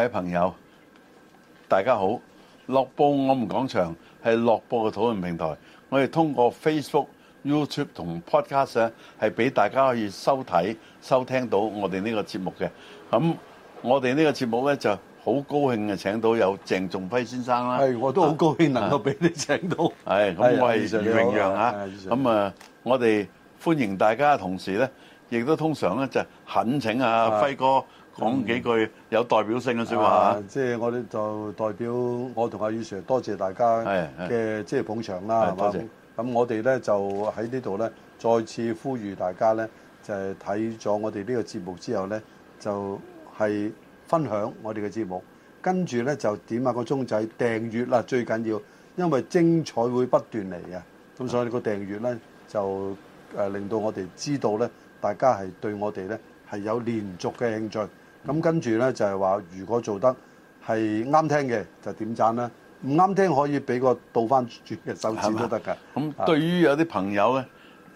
各位朋友，大家好！樂報我們講場，係樂報嘅討論平台。我哋通過 Facebook、YouTube 同 Podcast 咧，係俾大家可以收睇、收聽到我哋呢個節目嘅。咁我哋呢個節目咧就好高興嘅，請到有鄭仲輝先生啦。係，我都好高興能夠俾你請到。係，咁我係榮耀啊！咁啊，我哋歡迎大家嘅同時咧，亦都通常咧就懇請啊輝哥。講幾句有代表性嘅、嗯、說話、啊啊、即係我哋就代表我同阿余 Sir 多謝大家嘅即係捧場啦，係嘛？咁我哋呢就喺呢度呢，再次呼籲大家呢，就係睇咗我哋呢個節目之後呢，就係分享我哋嘅節目，跟住呢，就點下個鐘仔訂閱啦，最緊要，因為精彩會不斷嚟啊！咁所以個訂閱呢，就令到我哋知道呢，大家係對我哋呢係有連續嘅興趣。咁、嗯、跟住咧就係、是、話，如果做得係啱聽嘅，就點讚啦；唔啱聽可以俾個倒翻轉嘅手指都得噶。咁對於有啲朋友咧，誒、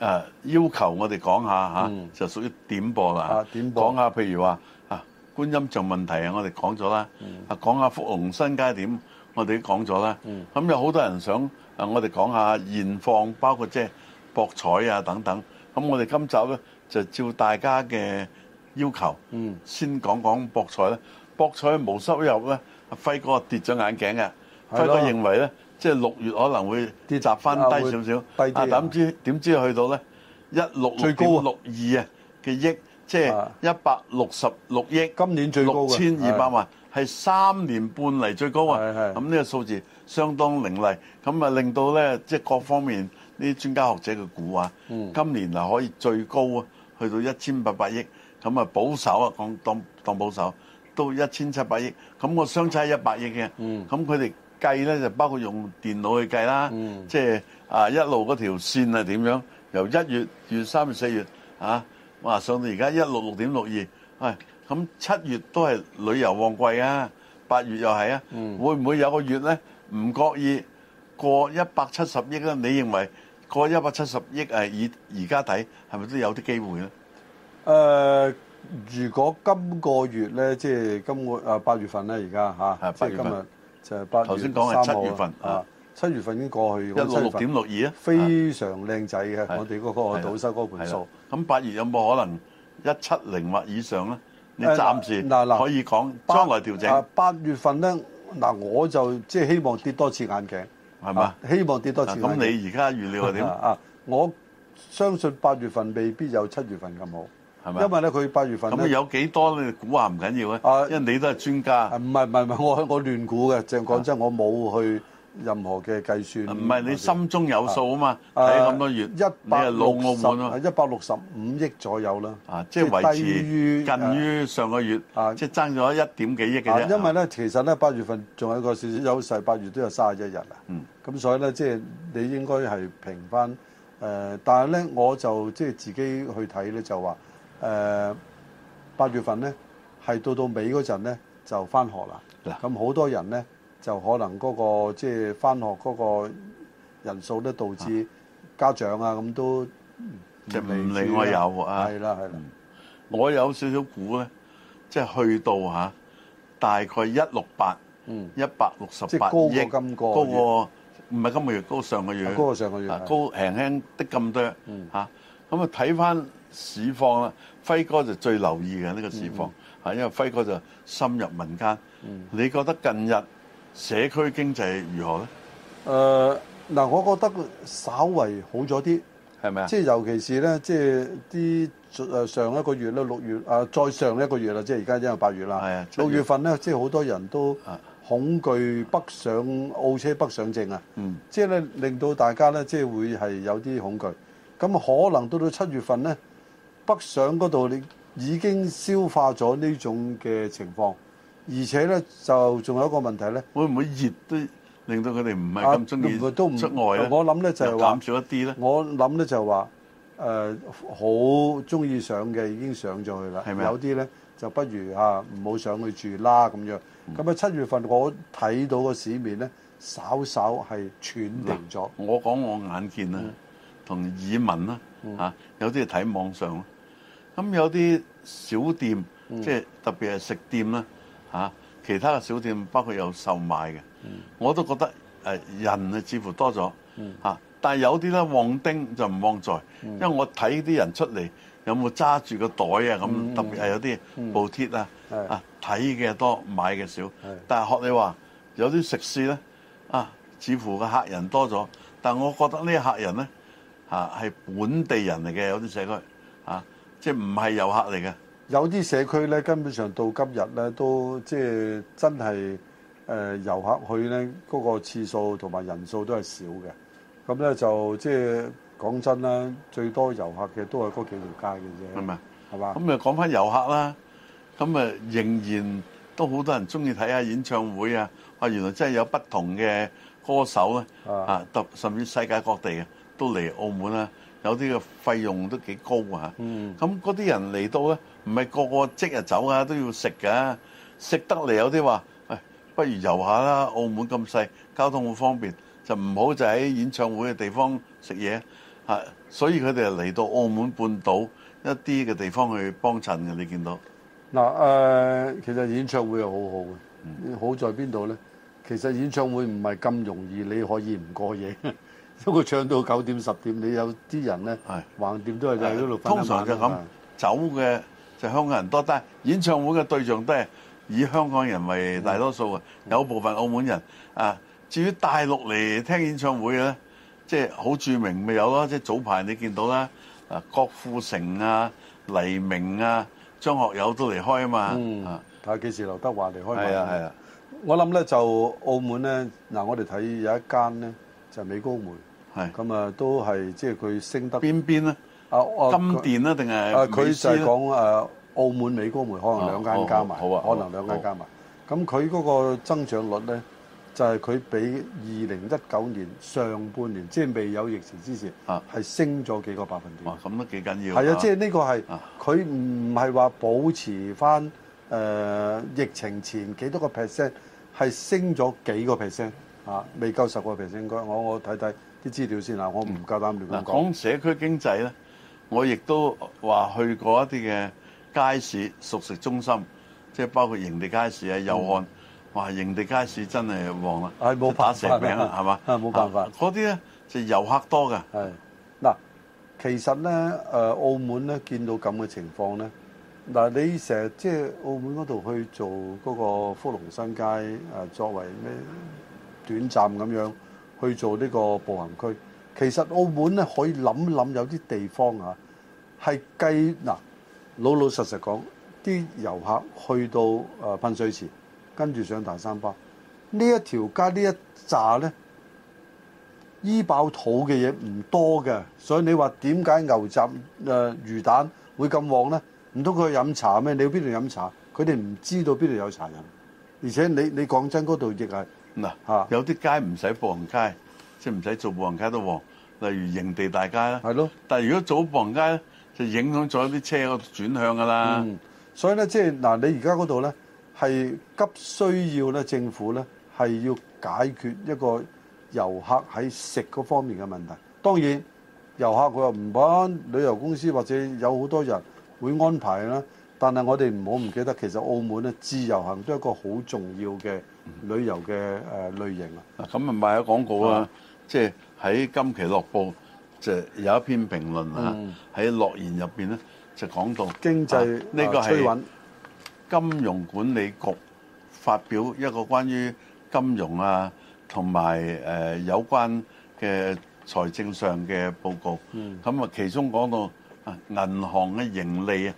啊啊、要求我哋講下、嗯、就屬於點播啦。講、啊、下譬如話啊，觀音像問題啊，我哋講咗啦。啊，講下福龍新街點我講，我哋都講咗啦。咁、嗯、有好多人想啊，我哋講下現況，包括即係博彩啊等等。咁我哋今集咧就照大家嘅。要求，先講講博彩咧。博彩無收入咧，阿輝哥跌咗眼鏡嘅。輝哥認為咧，即係六月可能會跌窄翻低少少，低啲。點知點知去到咧一六六二啊嘅億，即係一百六十六億，今年最高嘅六千二百萬，係三年半嚟最高啊！咁呢個數字相當凌厲，咁啊令到咧即係各方面呢啲專家學者嘅估話，今年啊可以最高啊去到一千八百億。咁啊保守啊，講當當保守，都一千七百億，咁我相差一百億嘅，咁佢哋計咧就包括用電腦去計啦，即係啊一路嗰條線係點樣，由一月、月三月、四月啊，哇上到而家一六六點六二，喂，咁七月都係旅遊旺季啊，八月又係啊，會唔會有個月咧唔覺意過一百七十億咧？你認為過一百七十億誒，以而家睇係咪都有啲機會咧？誒、呃，如果今個月咧，即係今個啊八月份咧，而家嚇，即今日就八月三號，頭先講係七月份啊，七、啊就是、月、月份已經過去，一六六點六二啊，非常靚仔嘅我哋嗰個賭收嗰個盤數。咁八月有冇可能一七零或以上咧？你暫時嗱嗱可以講將來調整。八、啊啊、月份咧，嗱、啊、我就即係、就是、希望跌多次眼鏡，係嘛、啊？希望跌多次眼鏡。咁、啊、你而家預料係點啊？我相信八月份未必有七月份咁好。因為咧，佢八月份咁有幾多咧？估下唔緊要咧。啊，因為你都係專家。唔係唔係唔係我我亂估嘅。正、啊、講真，我冇去任何嘅計算。唔、啊、係你心中有數啊嘛？睇咁多月，一、uh, 百六十五，係一百六十五億左右啦。啊，即係維持近於上個月啊，uh, 即係爭咗一點幾億嘅啫、啊。因為咧、啊，其實咧，八月份仲有一個少少優勢，八月都有三十一日啊。咁、嗯、所以咧，即係你應該係平翻誒，但係咧，我就即係自己去睇咧，就話。誒、呃、八月份咧，係到到尾嗰陣咧就翻學啦。咁好多人咧就可能嗰、那個即係翻學嗰個人數咧導致家長啊咁、啊、都唔理我有啊，係啦係啦，我有少少估咧，即、就、係、是、去到嚇、啊、大概一六八，一百六十八億。嗰、嗯、過，唔係今個月高,個月、就是、高上個月，高上個月高輕輕的咁多咁、嗯、啊睇翻市況啦。嗯啊輝哥就最留意嘅呢、這個市況，嚇、嗯，因為輝哥就深入民間、嗯。你覺得近日社區經濟如何咧？誒，嗱，我覺得稍為好咗啲，係咪啊？即係尤其是咧，即係啲誒上一個月咧，六月啊，再上一個月啦，即係而家已經係八月啦。係啊，六月份咧，即係好多人都恐懼北上澳車北上證啊。嗯，即係咧令到大家咧，即係會係有啲恐懼。咁可能到到七月份咧。北上嗰度，你已經消化咗呢種嘅情況，而且咧就仲有一個問題咧，會唔會熱都令到佢哋唔係咁中意出外呢、啊、都我諗咧？減少一啲咧？我諗咧就係話，誒好中意上嘅已經上咗去啦，有啲咧就不如啊，唔好上去住啦咁樣。咁、嗯、啊，七月份我睇到個市面咧，稍稍係喘定咗。我講我眼見、嗯、啊，同耳聞啦，嚇有啲係睇網上。咁有啲小店，即係特別係食店啦，嚇、嗯啊。其他嘅小店包括有售賣嘅、嗯，我都覺得人啊，似乎多咗嚇。但係有啲咧旺丁就唔旺在，因為我睇啲人出嚟有冇揸住個袋啊咁，特別係有啲布貼啊啊睇嘅多，買嘅少。但係學你話有啲食肆咧啊，似乎個客人多咗，但係我覺得呢啲客人咧嚇係本地人嚟嘅，有啲社區、啊即係唔係遊客嚟嘅？有啲社區咧，根本上到今日咧，都即係真係誒、呃、遊客去咧，嗰個次數同埋人數都係少嘅。咁咧就即係講真啦，最多遊客嘅都係嗰幾條街嘅啫。係咪，係嘛？咁啊講翻遊客啦，咁啊仍然都好多人中意睇下演唱會啊！啊，原來真係有不同嘅歌手咧，啊，特甚至世界各地都嚟澳門啦、啊。有啲嘅費用都幾高啊！嗯，咁嗰啲人嚟到咧，唔係個，個個即日走啊，都要食㗎。食得嚟有啲話，不如遊下啦。澳門咁細，交通好方便，就唔好就喺演唱會嘅地方食嘢吓。所以佢哋嚟到澳門半島一啲嘅地方去幫襯嘅，你見到嗱，誒，其實演唱會係好好嘅，好在邊度咧？其實演唱會唔係咁容易，你可以唔過夜。 不過唱到九點十點，你有啲人咧，橫掂都係喺嗰度。通常就咁走嘅就香港人多，但係演唱會嘅對象都係以香港人為大多數啊。有部分澳門人啊，至於大陸嚟聽演唱會咧，即係好著名咪有咯。即係早排你見到啦，啊，郭富城啊、黎明啊、張學友都嚟開啊嘛。嗯。但係幾時劉德華嚟開？係啊係啊。我諗咧就澳門咧，嗱我哋睇有一間咧就美高梅。係咁啊，都係即係佢升得邊邊咧？啊，金電啊定係？啊，佢就係講誒澳門美高梅，可能兩間加埋，oh, oh, oh, oh, oh, 可能兩間加埋。咁佢嗰個增長率咧，就係、是、佢比二零一九年、oh. 上半年即係未有疫情之前，係、ah. 升咗幾個百分點。哇！咁都幾緊要。係啊，即係呢個係佢唔係話保持翻誒、呃、疫情前幾多個 percent，係升咗幾個 percent 啊？未夠十個 percent 嘅，我我睇睇。啲資料先啊！我唔夠膽亂講。嗱，講社區經濟咧，我亦都話去過一啲嘅街市熟食中心，即係包括營地街市啊、右岸，嘩營地街市真係旺啦，係冇辦法啊，係嘛？啊，冇辦法。嗰啲咧就遊客多嘅。係嗱，其實咧，誒，澳門咧見到咁嘅情況咧，嗱，你成日即係澳門嗰度去做嗰個福隆新街誒，作為咩短暫咁樣？去做呢個步行區，其實澳門咧可以諗諗有啲地方啊，係計嗱，老老實實講，啲遊客去到誒噴水池，跟住上大三巴呢一條街呢一紮咧，醫爆肚嘅嘢唔多嘅，所以你話點解牛雜誒、呃、魚蛋會咁旺咧？唔通佢飲茶咩？你要邊度飲茶？佢哋唔知道邊度有茶飲，而且你你講真嗰度亦係。嗱，有啲街唔使步行街，即係唔使做步行街都旺，例如營地大街啦。係咯，但係如果做步行街咧，就影響咗啲車度轉向㗎啦，嗯。所以咧，即係嗱，你而家嗰度咧係急需要咧，政府咧係要解決一個遊客喺食嗰方面嘅問題。當然，遊客佢又唔揾旅遊公司，或者有好多人會安排啦。但係我哋唔好唔記得，其實澳門咧自由行都係一個好重要嘅旅遊嘅誒類型啊！咁啊賣咗廣告啊！即係喺今期《樂報》就有一篇評論啊，喺樂言入邊咧就講到經濟呢個係金融管理局發表一個關於金融啊同埋誒有關嘅財政上嘅報告。咁啊，其中講到銀行嘅盈利啊。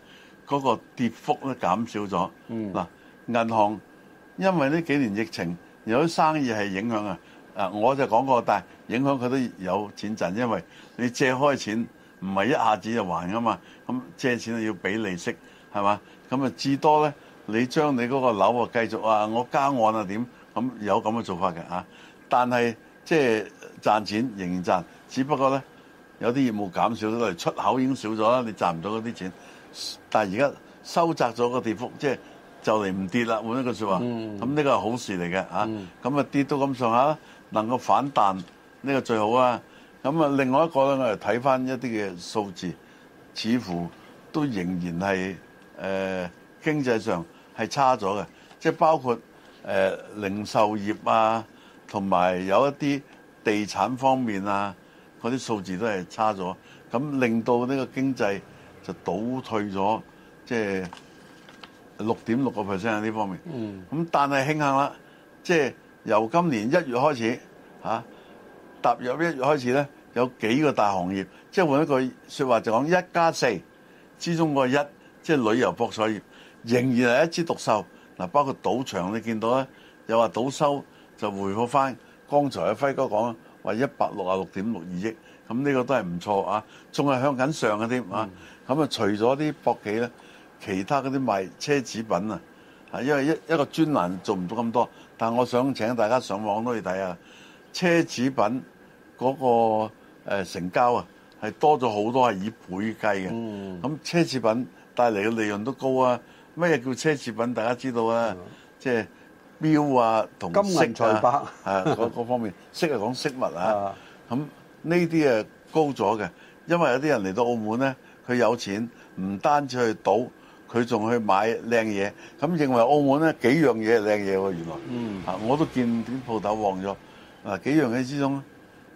嗰、那個跌幅咧減少咗。嗱，銀行因為呢幾年疫情有啲生意係影響啊。啊，我就講過，但係影響，佢都有錢賺，因為你借開錢唔係一下子就還噶嘛。咁借錢要俾利息係嘛？咁啊至多咧，你將你嗰個樓啊繼續啊，我加按啊點咁有咁嘅做法嘅嚇。但係即係賺錢仍然賺，只不過咧有啲業務減少咗，出口已經少咗啦，你賺唔到嗰啲錢。但係而家收窄咗個跌幅，即係就嚟、是、唔跌啦。換一個說話，咁、嗯、呢個係好事嚟嘅嚇。咁、嗯、啊跌到咁上下，啦，能夠反彈呢、這個最好啊。咁啊，另外一個咧，我哋睇翻一啲嘅數字，似乎都仍然係誒、呃、經濟上係差咗嘅。即、就、係、是、包括誒、呃、零售業啊，同埋有，有一啲地產方面啊，嗰啲數字都係差咗，咁令到呢個經濟。就倒退咗，即係六點六個 percent 喺呢方面。咁但係慶幸啦，即係由今年一月開始嚇踏入一月開始咧，有幾個大行業。即係換一句説話，就講一加四之中嗰一，即係旅遊博彩業仍然係一枝獨秀嗱。包括賭場，你見到咧又話賭收就回復返。剛才阿輝哥講話一百六啊六點六二億，咁呢個都係唔錯啊，仲係向緊上嘅添啊！咁啊！除咗啲博企咧，其他嗰啲賣奢侈品啊，啊，因為一一個專欄做唔到咁多，但係我想請大家上網都可以睇啊。奢侈品嗰個成交啊，係多咗好多，係以倍計嘅。咁、嗯嗯、奢侈品帶嚟嘅利潤都高啊。咩叫奢侈品？大家知道啊，即係錶啊，同飾啊，金銀財帛啊，嗰 方面飾係講飾物啊。咁呢啲啊，高咗嘅，因為有啲人嚟到澳門咧。佢有錢，唔單止去賭，佢仲去買靚嘢。咁認為澳門咧幾樣嘢靚嘢喎，原來。嗯。啊，我都見啲鋪頭旺咗。嗱，幾樣嘢之中，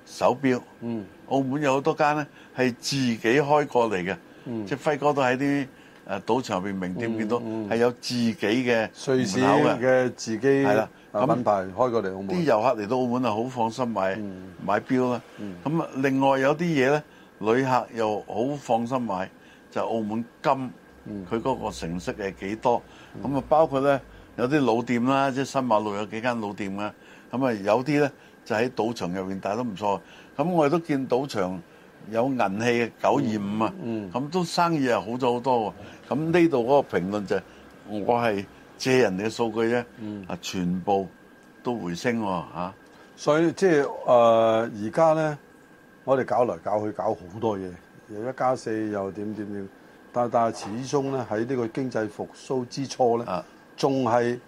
手錶。嗯。澳門有好多間咧，係自己開過嚟嘅。嗯。即係輝哥都喺啲誒賭場入邊名店見到，係有自己嘅門口嘅。瑞士嘅自己。係啦。咁品牌開過嚟澳門。啲遊客嚟到澳門係好放心買買錶啦。嗯。咁啊，另外有啲嘢咧。旅客又好放心買，就、澳門金，佢、嗯、嗰個成色係幾多？咁、嗯、啊，就包括咧有啲老店啦，即係新馬路有幾間老店啦。咁啊有啲咧就喺賭場入邊，但都唔錯。咁我哋都見賭場有銀器嘅九二五啊，咁、嗯、都生意係好咗好多。咁呢度嗰個評論就係、我係借人哋嘅數據呢，啊、嗯、全部都回升喎、啊、所以即係誒而家咧。呃我哋搞嚟搞去搞，搞好多嘢，又一加四，又點點點，但但係始終咧喺呢個經濟復甦之初咧，仲係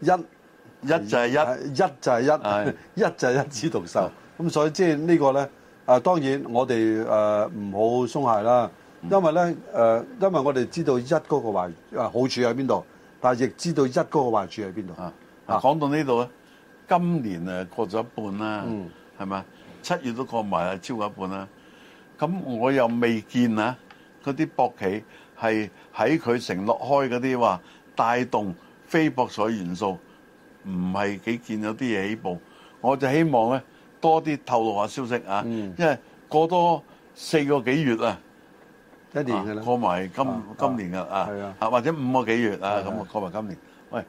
一一就係一，一就係一，一就係一枝獨秀。咁 所以即係呢個咧，當然我哋誒唔好鬆懈啦，因為咧誒因為我哋知道一嗰個壞誒好處喺邊度，但係亦知道一嗰個壞處喺邊度。啊，講到呢度咧，今年過咗一半啦，係、嗯、咪？七月都過埋啦，超過一半啦。咁我又未見啊，嗰啲博企係喺佢承諾開嗰啲話帶動非博彩元素，唔係幾見有啲嘢起步。我就希望咧多啲透露下消息啊，因為過多四個幾月啊，一年過埋今今年噶啊，啊或者五個幾月啊咁過埋今年。喂，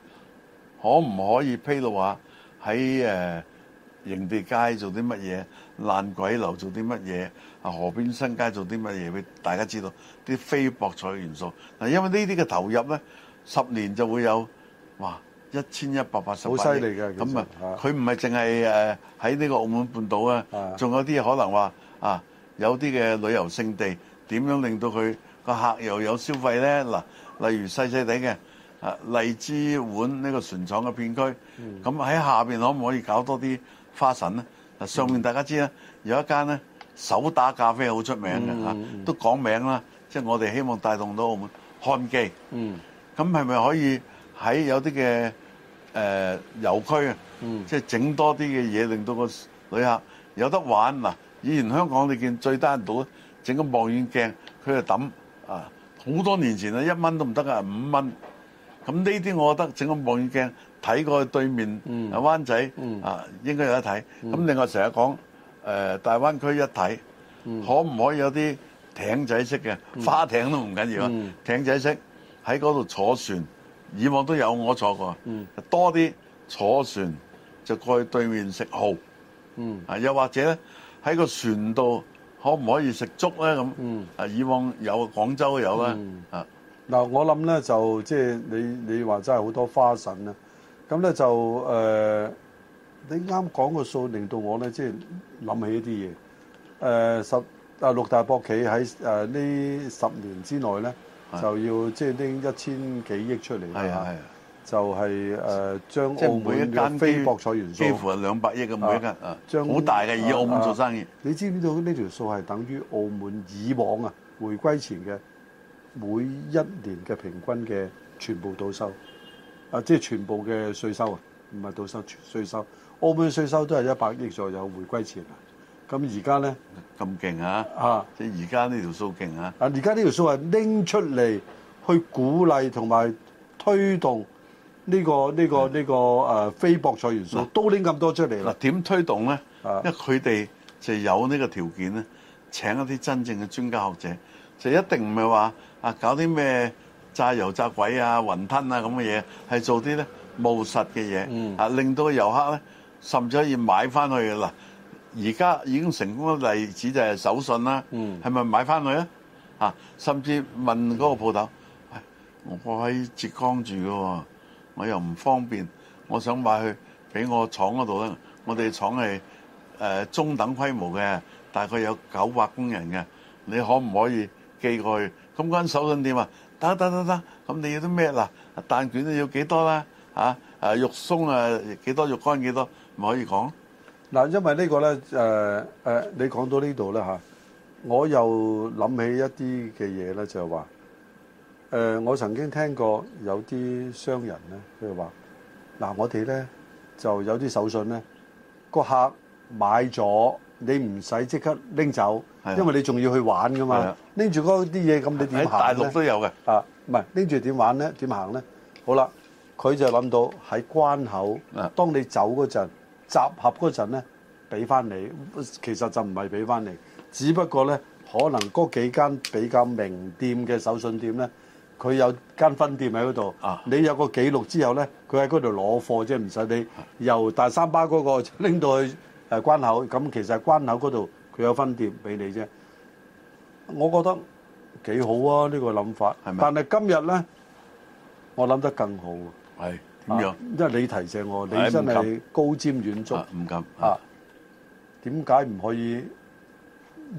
可唔可以披露下喺誒營地街做啲乜嘢？爛鬼樓做啲乜嘢？啊，河邊新街做啲乜嘢？俾大家知道啲非博彩元素。嗱，因為呢啲嘅投入咧，十年就會有哇一千一百八十億。好犀利嘅，咁啊，佢唔係淨係誒喺呢個澳門半島啊，仲有啲可能話啊，有啲嘅旅遊勝地點樣令到佢個客又有消費咧？嗱，例如細細地嘅啊荔枝碗呢個船廠嘅片區，咁喺下面可唔可以搞多啲花神咧？嗯、上面大家知啦，有一間咧手打咖啡好出名嘅嚇、嗯嗯嗯，都講名啦，即係我哋希望帶動到澳門漢記，咁係咪可以喺有啲嘅誒遊區啊，即係整多啲嘅嘢，令到個旅客有得玩嗱？以前香港你見最低度整個望遠鏡，佢係抌啊，好多年前啦，一蚊都唔得㗎，五蚊，咁呢啲我覺得整個望遠鏡。睇過去對面啊，灣仔、嗯嗯、啊，應該有得睇。咁、嗯、另外成日講誒、呃、大灣區一睇、嗯、可唔可以有啲艇仔式嘅、嗯、花艇都唔緊要啊、嗯嗯？艇仔式喺嗰度坐船，以往都有我坐過。嗯、多啲坐船就過去對面食蠔、嗯、啊！又或者咧喺個船度可唔可以食粥咧？咁、嗯、啊，以往有廣州有啊。嗱、嗯呃，我諗咧就即係、就是、你你話真係好多花神啊！咁咧就誒，你啱講個數，令到我咧即係諗起一啲嘢。誒十啊六大博企喺誒呢十年之內咧，就要即係拎一千幾億出嚟啦嚇。就係誒將澳門嘅非博彩元素幾乎係兩百億嘅每一家啊，好大嘅以澳門做生意。你知唔知道呢條數係等於澳門以往啊，回歸前嘅每一年嘅平均嘅全部賭收？啊！即係全部嘅稅收啊，唔係到收稅收，澳門稅收都係一百億左右回歸前啊。咁而家咧咁勁啊！啊，即係而家呢條數勁啊！啊，而家呢條數係拎出嚟去鼓勵同埋推動呢個呢個呢個誒非博彩元素，都拎咁多出嚟啦。嗱，點推動咧？因為佢哋就有呢個條件咧，請一啲真正嘅專家學者，就一定唔係話啊搞啲咩。炸油炸鬼啊、雲吞啊咁嘅嘢，係做啲咧務實嘅嘢、嗯、啊，令到遊客咧甚至可以買翻去嘅嗱。而家已經成功嘅例子就係手信啦，係、嗯、咪買翻去啊？啊，甚至問嗰個鋪頭、哎，我喺浙江住嘅，我又唔方便，我想買去俾我廠嗰度咧。我哋廠係誒、呃、中等規模嘅，大概有九百工人嘅，你可唔可以寄過去？咁間手信店啊？得得得得，咁你要啲咩啦？蛋卷要幾多啦？嚇！誒肉鬆啊，幾多肉乾幾多，唔可以講。嗱，因為呢個咧，誒誒，你講到呢度咧嚇，我又諗起一啲嘅嘢咧，就係話，誒，我曾經聽過有啲商人咧，佢話：嗱，我哋咧就有啲手信咧，個客買咗，你唔使即刻拎走。因為你仲要去玩噶嘛，拎住嗰啲嘢，咁你點行咧？喺大陸都有嘅，啊，唔係拎住點玩咧？點行咧？好啦，佢就諗到喺關口，當你走嗰陣，集合嗰陣咧，俾翻你。其實就唔係俾翻你，只不過咧，可能嗰幾間比較名店嘅手信店咧，佢有間分店喺嗰度。你有個記錄之後咧，佢喺嗰度攞貨即係，唔使你由大三巴嗰個拎到去誒關口。咁其實關口嗰度。佢有分店俾你啫，我覺得幾好啊！呢個諗法，但係今日咧，我諗得更好。係點樣？因為你提醒我，你真係高瞻遠矚。唔敢啊！點解唔可以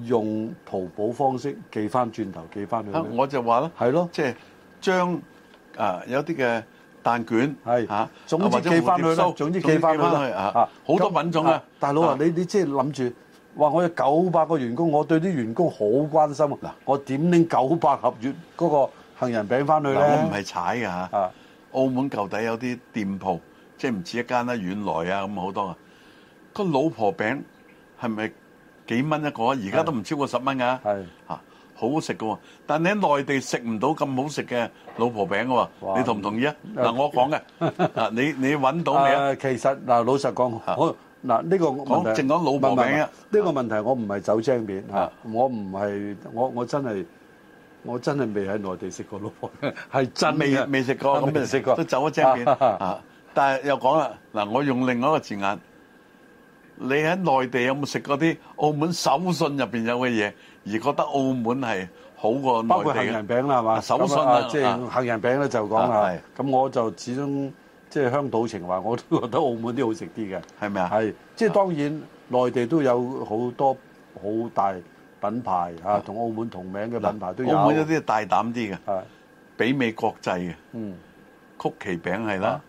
用淘寶方式寄翻轉頭，寄翻去？我就話啦，係咯，即係將啊有啲嘅蛋卷係嚇，總之寄翻去啦，總之寄翻翻去嚇，好多品種啊！大佬啊，你你即係諗住。話我有九百個員工，我對啲員工好關心啊！嗱，我點拎九百盒月嗰個杏仁餅翻去咧？嗱，我唔係踩噶嚇。啊，澳門舊底有啲店鋪，即係唔止一間啦，原來啊咁好多啊。個老婆餅係咪幾蚊一個啊？而家都唔超過十蚊噶。係嚇，好食噶喎。但你喺內地食唔到咁好食嘅老婆餅噶喎，你同唔同意啊？嗱，我講嘅嗱，你你揾到你啊？其實嗱，老實講，我。嗱，呢個我淨講老婆餅啊！呢個問題我唔係走精面嚇，我唔係我我真係我真係未喺內地食過老婆餅，係真未未食過，都走咗精面嚇。但係又講啦，嗱，我用另外一個字眼，你喺內地有冇食過啲澳門手信入邊有嘅嘢，而覺得澳門係好過內地嘅？包括杏仁餅啦，係嘛？手信啊，即係杏仁餅咧，就講啦。咁我就始終。即係香島情懷我都覺得澳門啲好食啲嘅，係咪啊？係，即係當然內地都有好多好大品牌同、啊、澳門同名嘅品牌都有。澳門一啲大膽啲嘅，係比美國際嘅，嗯，曲奇餅係啦、啊，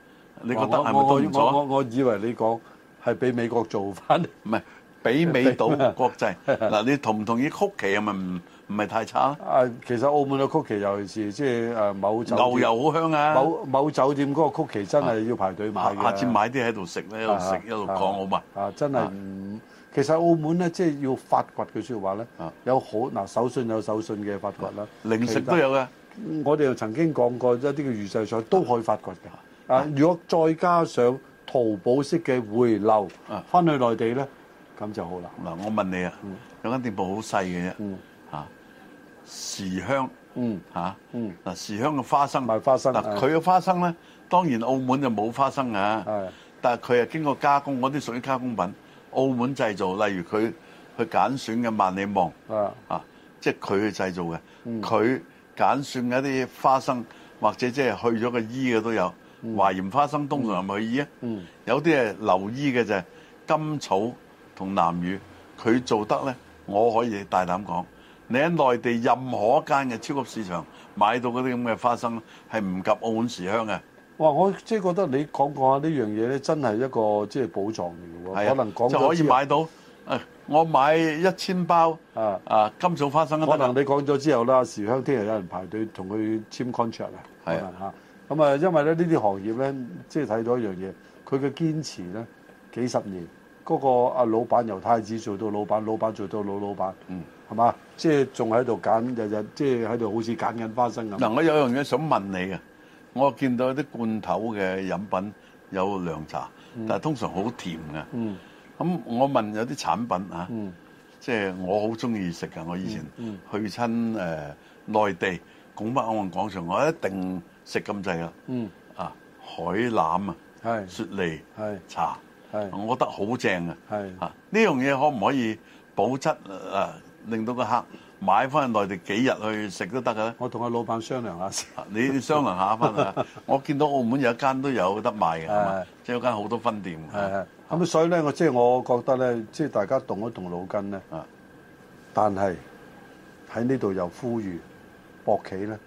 你覺得係咪我我，我，我以為你講係比美國做翻，唔係比美島國際嗱， 你同唔同意曲奇係咪唔？唔係太差啊！啊，其實澳門嘅曲奇尤其是即係啊，某牛油好香啊！某某酒店嗰個曲奇真係要排隊買嘅。下次買啲喺度食咧，喺度食，喺度講好嘛。啊，真係唔，其實澳門咧，即係要發掘嘅説話咧，有好嗱手信有手信嘅發掘啦，零食都有嘅。我哋又曾經講過一啲嘅預製菜都可以發掘嘅。啊，如果再加上淘寶式嘅匯流啊，翻去內地咧，咁就好啦。嗱，我問你啊，有間店鋪好細嘅啫。時香，嗯嚇嗯，嗱，時香嘅花生咪花生啊，佢嘅花生咧，當然澳門就冇花生啊，但係佢係經過加工嗰啲屬於加工品，澳門製造，例如佢去揀選嘅萬里望啊，啊，即係佢去製造嘅，佢、嗯、揀選嘅一啲花生，或者即係去咗個衣嘅都有，華、嗯、鹽花生通常係咪衣啊？有啲係留衣嘅就啫、係，甘草同南乳佢做得咧，我可以大膽講。你喺內地任何一間嘅超級市場買到嗰啲咁嘅花生，係唔及澳門時香嘅。哇！我即係覺得你講講下呢樣嘢咧，真係一個即係寶藏嚟嘅喎。可能講就可以買到。誒、我買一千包啊啊，金草花生可。可能你講咗之後啦，時香聽日有人排隊同佢簽 contract 啊。係啊，咁啊，因為咧呢啲行業咧，即係睇到一樣嘢，佢嘅堅持咧幾十年，嗰、嗰個啊老闆由太子做到老闆，老闆做到老老闆。嗯。係嘛？即係仲喺度揀日日，即係喺度好似揀緊花生咁嗱、嗯。我有樣嘢想問你啊，我見到啲罐頭嘅飲品有涼茶，但係通常好甜嘅。嗯，咁我問有啲產品、啊、嗯即係我好中意食啊。我以前、嗯嗯、去親誒內地拱北奧運廣場，我一定食咁滯啊嗯，啊海腩啊，雪梨茶我覺得好正啊。係呢樣嘢，可唔可以保質啊？令到個客買翻去內地幾日去食都得㗎。咧，我同個老闆商量下你商量下翻啊！ 我見到澳門有一間都有得賣嘅，即 係、就是、有間好多分店。係咁所以咧，我即係我覺得咧，即、就、係、是、大家動一動腦筋咧。啊！但係喺呢度又呼籲博企咧，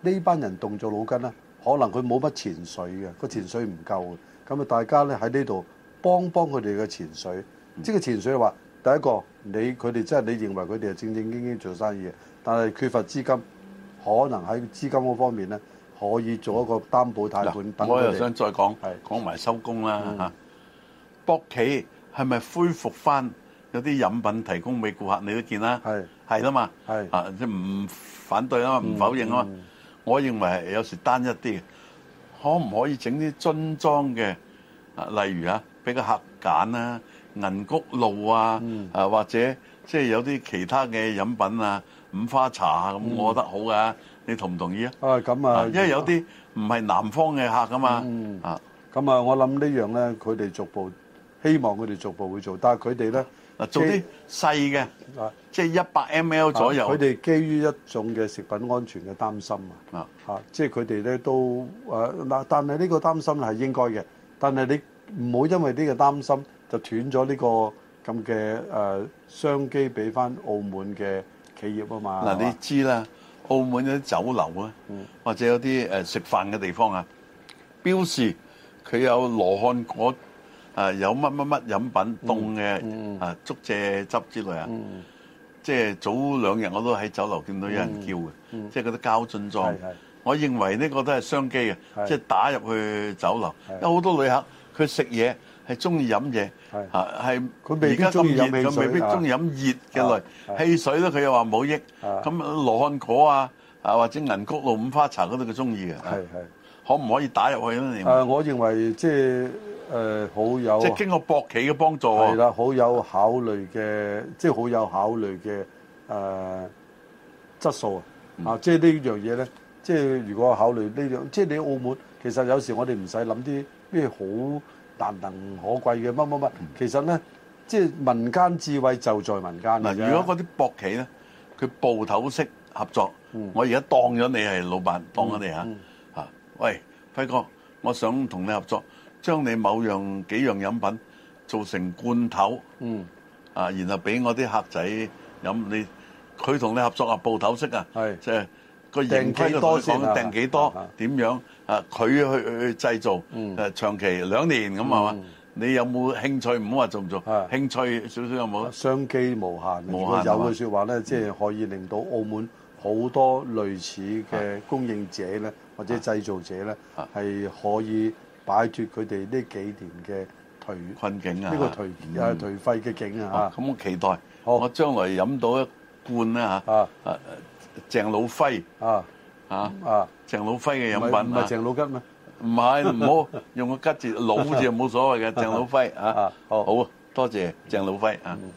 呢班人動咗腦筋呢，可能佢冇乜潛水嘅，個潛水唔夠嘅，咁啊大家咧喺呢度幫幫佢哋嘅潛水，即係潛水話。就是第一個，你佢哋真係你認為佢哋係正正經經做生意嘅，但係缺乏資金，可能喺資金嗰方面咧，可以做一個擔保貸款等等。我又想再講，講埋收工啦嚇。博企係咪恢復翻有啲飲品提供俾顧客？你都見啦，係係啦嘛，係啊，即係唔反對啊嘛，唔否認啊嘛，我認為係有時單一啲，可唔可以整啲樽裝嘅啊？例如啊，俾個客揀啦。銀菊露啊，啊或者即係有啲其他嘅飲品啊，五花茶啊咁，我覺得好噶。你同唔同意啊？啊，咁啊，因為有啲唔係南方嘅客噶嘛。啊，咁啊，我諗呢樣咧，佢哋逐步希望佢哋逐步會做，但係佢哋咧，嗱做啲細嘅啊，即係一百 ml 左右。佢哋基於一種嘅食品安全嘅擔心啊，嚇，即係佢哋咧都誒嗱，但係呢個擔心係應該嘅，但係你唔好因為呢個擔心。就斷咗呢個咁嘅誒商機俾翻澳門嘅企業啊嘛！嗱，你知啦，澳門有啲酒樓啊，嗯、或者有啲誒食飯嘅地方啊，標示佢有羅漢果啊，有乜乜乜飲品凍嘅、嗯、啊，竹蔗汁之類啊，即、嗯、係早兩日我都喺酒樓見到有人叫嘅，即係嗰啲膠樽裝。是的是的，我認為呢個都係商機啊，即係打入去酒樓，有好多旅客佢食嘢。係中意飲嘢，係啊係。而家咁熱，佢未必中意飲熱嘅類汽水啦。佢又話冇益，咁羅漢果啊啊或者銀菊露、五花茶嗰啲，佢中意嘅。係係、啊啊，可唔可以打入去咧？你？誒，我認為即係誒好有，即係經過博企嘅幫助係啦，好有考慮嘅，即係好有考慮嘅誒質素啊！嗯、啊，即係呢樣嘢咧，即係如果考慮呢樣，即係你澳門其實有時我哋唔使諗啲咩好。難能可貴嘅乜乜乜，其實咧即係民間智慧就在民間。嗱，如果嗰啲博企咧，佢部頭式合作，嗯、我而家當咗你係老闆，當咗你。啊、嗯嗯，啊，喂，輝哥，我想同你合作，將你某樣幾樣飲品做成罐頭、嗯，啊，然後俾我啲客仔飲。你佢同你合作啊，部頭式啊，即係。就是個盈虧多少定幾多？點樣啊？佢、啊啊、去去製造，誒、嗯、長期兩年咁啊嘛？你有冇興趣？唔好話做唔做啊？興趣少少有冇？商機無限，無限，如果有嘅說話咧，即係、就是、可以令到澳門好多類似嘅供應者咧、啊，或者製造者咧，係、啊、可以擺脱佢哋呢幾年嘅頹困境啊！呢、啊這個頹啊頹廢嘅境啊！嚇、嗯、咁、啊啊、我期待，好我將來飲到一罐啦嚇啊！啊鄭老輝啊啊啊！鄭老輝嘅飲品啊，唔係鄭老吉咩？唔係唔好用個吉字老字就冇所謂嘅，鄭 老輝啊，啊，好好多謝鄭、嗯、老輝啊。嗯